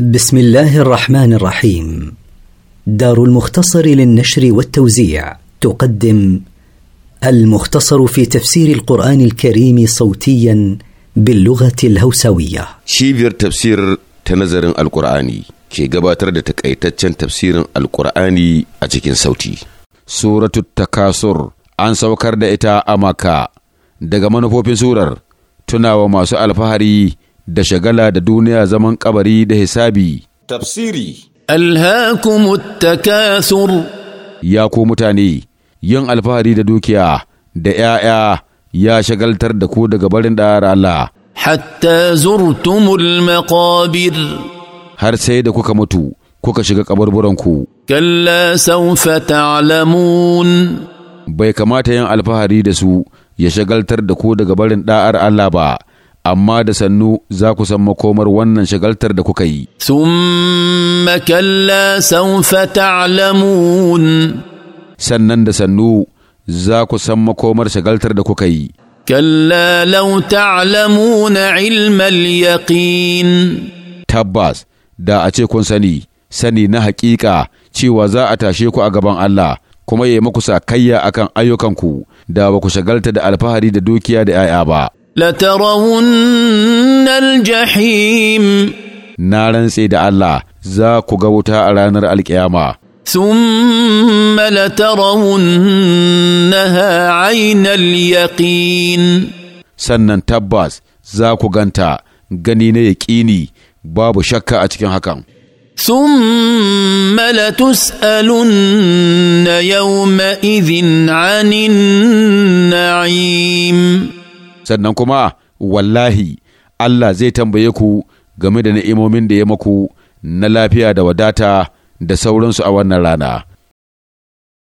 بسم الله الرحمن الرحيم دار المختصر للنشر والتوزيع تقدم المختصر في تفسير القرآن الكريم صوتيا باللغة الهوسوية شيفير تفسير تنظر القرآني كي قباتر تكأيتتشن تفسير القرآني أتكين صوتي سورة التكاثر عن سوكر دائتا أماكا دقمان daga سورر تناو ما masu فهري da shagala da duniya zaman kabari da hisabi. Tafsiri alhakumuttakasur takasur Ya ku mutane, yin alfahari da dukiya da ‘ya'ya ya shagaltar da ku daga barin ɗara Allah. Hatta zurtumul maqabir Har sai da kuka mutu, kuka shiga kaburburanku. Kalla saufa ta'lamun Bai kamata yin alfahari da su ya shagaltar da ku daga barin ɗa'ar Allah ba. amma da sannu za ku san makomar wannan shagaltar da kuka yi. Sannan da sannu za ku san makomar shagaltar da kuka yi. Kalla lau ta'lamuna ilmal yaƙin. Tabbas, da a ce kun sani, sani na haƙiƙa cewa za a tashe ku a gaban Allah, kuma ya maku sakayya akan ayyukanku da ba ku shagalta da alfahari da dukiya da ‘ya'ya ba. لترون الجحيم نارن سيد الله ذاك غوتا رانر القيامة ثم لترونها عين اليقين sannan tabbas za ku ganta gani na yaƙini babu shakka a cikin hakan. ثم لتسألن يومئذ عن النعيم sannan kuma wallahi Allah zai tambaye ku game da ni'imomin da ya maku na lafiya da wadata da sauransu a wannan rana.